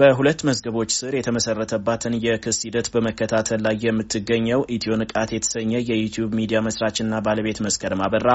በሁለት መዝገቦች ስር የተመሰረተባትን የክስ ሂደት በመከታተል ላይ የምትገኘው ኢትዮ ንቃት የተሰኘ የዩቲዩብ ሚዲያ መስራችና ባለቤት መስከረም አበራ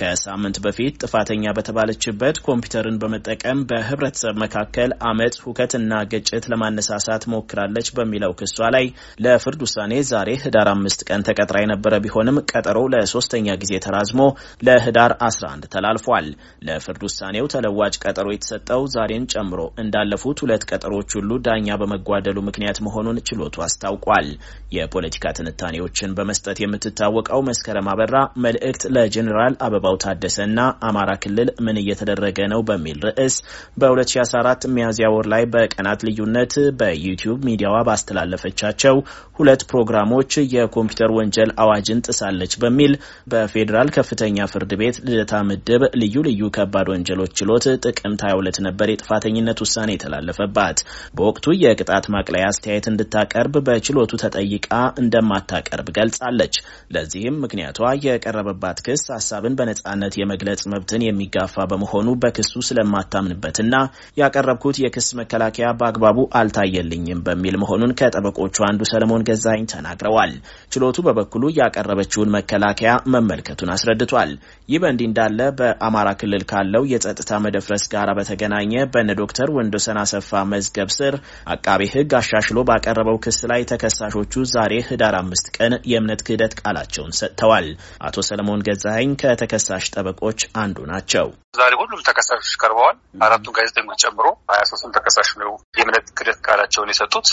ከሳምንት በፊት ጥፋተኛ በተባለችበት ኮምፒውተርን በመጠቀም በህብረተሰብ መካከል አመፅ፣ ሁከትና ግጭት ለማነሳሳት ሞክራለች በሚለው ክሷ ላይ ለፍርድ ውሳኔ ዛሬ ህዳር አምስት ቀን ተቀጥራ የነበረ ቢሆንም ቀጠሮው ለሶስተኛ ጊዜ ተራዝሞ ለህዳር 11 ተላልፏል። ለፍርድ ውሳኔው ተለዋጭ ቀጠሮ የተሰጠው ዛሬን ጨምሮ እንዳለፉት ሁለት ቀጠሮ ክሶች ሁሉ ዳኛ በመጓደሉ ምክንያት መሆኑን ችሎቱ አስታውቋል። የፖለቲካ ትንታኔዎችን በመስጠት የምትታወቀው መስከረም አበራ መልእክት ለጀኔራል አበባው ታደሰና አማራ ክልል ምን እየተደረገ ነው በሚል ርዕስ በ2014 ሚያዝያ ወር ላይ በቀናት ልዩነት በዩቲዩብ ሚዲያዋ ባስተላለፈቻቸው ሁለት ፕሮግራሞች የኮምፒውተር ወንጀል አዋጅን ጥሳለች በሚል በፌዴራል ከፍተኛ ፍርድ ቤት ልደታ ምድብ ልዩ ልዩ ከባድ ወንጀሎች ችሎት ጥቅምት 22 ነበር የጥፋተኝነት ውሳኔ የተላለፈባት። በወቅቱ የቅጣት ማቅለያ አስተያየት እንድታቀርብ በችሎቱ ተጠይቃ እንደማታቀርብ ገልጻለች። ለዚህም ምክንያቷ የቀረበባት ክስ ሀሳብን በነጻነት የመግለጽ መብትን የሚጋፋ በመሆኑ በክሱ ስለማታምንበትና ያቀረብኩት የክስ መከላከያ በአግባቡ አልታየልኝም በሚል መሆኑን ከጠበቆቹ አንዱ ሰለሞን ገዛኝ ተናግረዋል። ችሎቱ በበኩሉ ያቀረበችውን መከላከያ መመልከቱን አስረድቷል። ይህ በእንዲህ እንዳለ በአማራ ክልል ካለው የጸጥታ መደፍረስ ጋር በተገናኘ በነ ዶክተር ወንዶሰን አሰፋ መዝገብ መዝገብ ስር አቃቤ ሕግ አሻሽሎ ባቀረበው ክስ ላይ ተከሳሾቹ ዛሬ ህዳር አምስት ቀን የእምነት ክህደት ቃላቸውን ሰጥተዋል። አቶ ሰለሞን ገዛኸኝ ከተከሳሽ ጠበቆች አንዱ ናቸው። ዛሬ ሁሉም ተከሳሾች ቀርበዋል። አራቱን ጋዜጠኞች ጨምሮ ሀያ ሶስቱም ተከሳሽ ነው የእምነት ክህደት ቃላቸውን የሰጡት።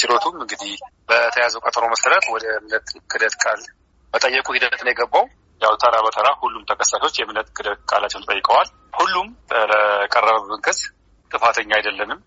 ችሎቱም እንግዲህ በተያዘው ቀጠሮ መሰረት ወደ እምነት ክህደት ቃል መጠየቁ ሂደት ነው የገባው። ያው ተራ በተራ ሁሉም ተከሳሾች የእምነት ክህደት ቃላቸውን ጠይቀዋል። ሁሉም ለቀረበብን ክስ ጥፋተኛ አይደለንም፣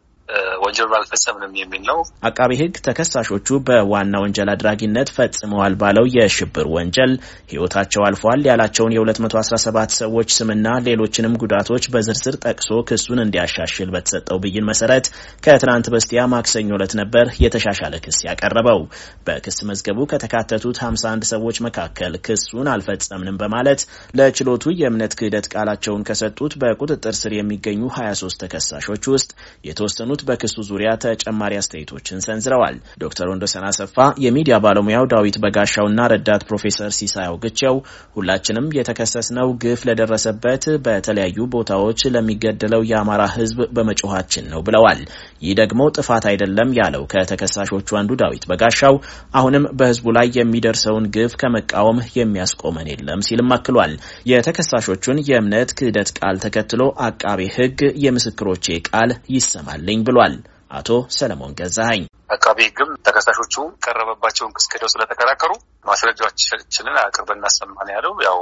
ወንጀሉን አልፈጸምንም የሚል ነው። አቃቤ ህግ ተከሳሾቹ በዋና ወንጀል አድራጊነት ፈጽመዋል ባለው የሽብር ወንጀል ህይወታቸው አልፏል ያላቸውን የ217 ሰዎች ስምና ሌሎችንም ጉዳቶች በዝርዝር ጠቅሶ ክሱን እንዲያሻሽል በተሰጠው ብይን መሰረት ከትናንት በስቲያ ማክሰኞ ዕለት ነበር የተሻሻለ ክስ ያቀረበው። በክስ መዝገቡ ከተካተቱት 51 ሰዎች መካከል ክሱን አልፈጸምንም በማለት ለችሎቱ የእምነት ክህደት ቃላቸውን ከሰጡት በቁጥጥር ስር የሚገኙ 23 ተከሳሾች ውስጥ የተወሰኑት በክ በክሱ ዙሪያ ተጨማሪ አስተያየቶችን ሰንዝረዋል። ዶክተር ወንዶሰን አሰፋ፣ የሚዲያ ባለሙያው ዳዊት በጋሻውና ረዳት ፕሮፌሰር ሲሳያው ግቸው ሁላችንም የተከሰስነው ግፍ ለደረሰበት በተለያዩ ቦታዎች ለሚገደለው የአማራ ሕዝብ በመጮኋችን ነው ብለዋል። ይህ ደግሞ ጥፋት አይደለም ያለው ከተከሳሾቹ አንዱ ዳዊት በጋሻው አሁንም በሕዝቡ ላይ የሚደርሰውን ግፍ ከመቃወም የሚያስቆመን የለም ሲልም አክሏል። የተከሳሾቹን የእምነት ክህደት ቃል ተከትሎ አቃቤ ሕግ የምስክሮቼ ቃል ይሰማልኝ ብሏል። አቶ ሰለሞን ገዛኸኝ አቃቤ ህግም ተከሳሾቹ ቀረበባቸውን ክስ ክደው ስለተከራከሩ ማስረጃዎችንን አቅርበን እናሰማን ያለው ያው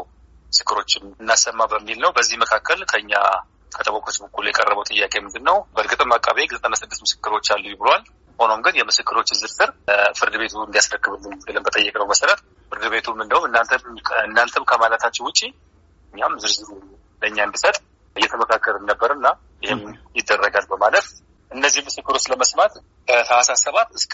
ምስክሮችን እናሰማ በሚል ነው። በዚህ መካከል ከኛ ከጠበቆች በኩል የቀረበው ጥያቄ ምንድን ነው? በእርግጥም አቃቤ ህግ ዘጠና ስድስት ምስክሮች አሉ ብሏል። ሆኖም ግን የምስክሮችን ዝርዝር ፍርድ ቤቱ እንዲያስረክብልን ብለን በጠየቅነው መሰረት ፍርድ ቤቱም እንደውም እናንተም ከማለታችን ውጪ እኛም ዝርዝሩ ለእኛ እንድሰጥ እየተመካከርን ነበር እና ይህም ይደረጋል በማለት እነዚህ ምስክሮች ለመስማት ከታህሳስ ሰባት እስከ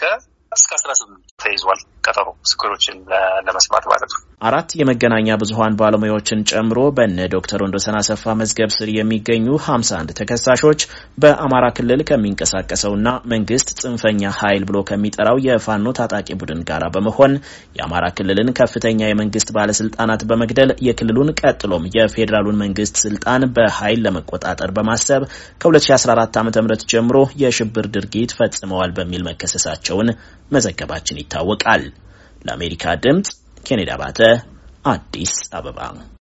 እስከ አስራ ስምንት ተይዟል ቀጠሮ ምስክሮችን ለመስማት ማለት ነው። አራት የመገናኛ ብዙኃን ባለሙያዎችን ጨምሮ በነ ዶክተር ወንዶሰን አሰፋ መዝገብ ስር የሚገኙ 51 ተከሳሾች በአማራ ክልል ከሚንቀሳቀሰውና መንግስት ጽንፈኛ ኃይል ብሎ ከሚጠራው የፋኖ ታጣቂ ቡድን ጋር በመሆን የአማራ ክልልን ከፍተኛ የመንግስት ባለስልጣናት በመግደል የክልሉን ቀጥሎም የፌዴራሉን መንግስት ስልጣን በኃይል ለመቆጣጠር በማሰብ ከ2014 ዓ ም ጀምሮ የሽብር ድርጊት ፈጽመዋል በሚል መከሰሳቸውን መዘገባችን ይታወቃል። ለአሜሪካ ድምፅ ኬኔዳ አባተ አዲስ አበባ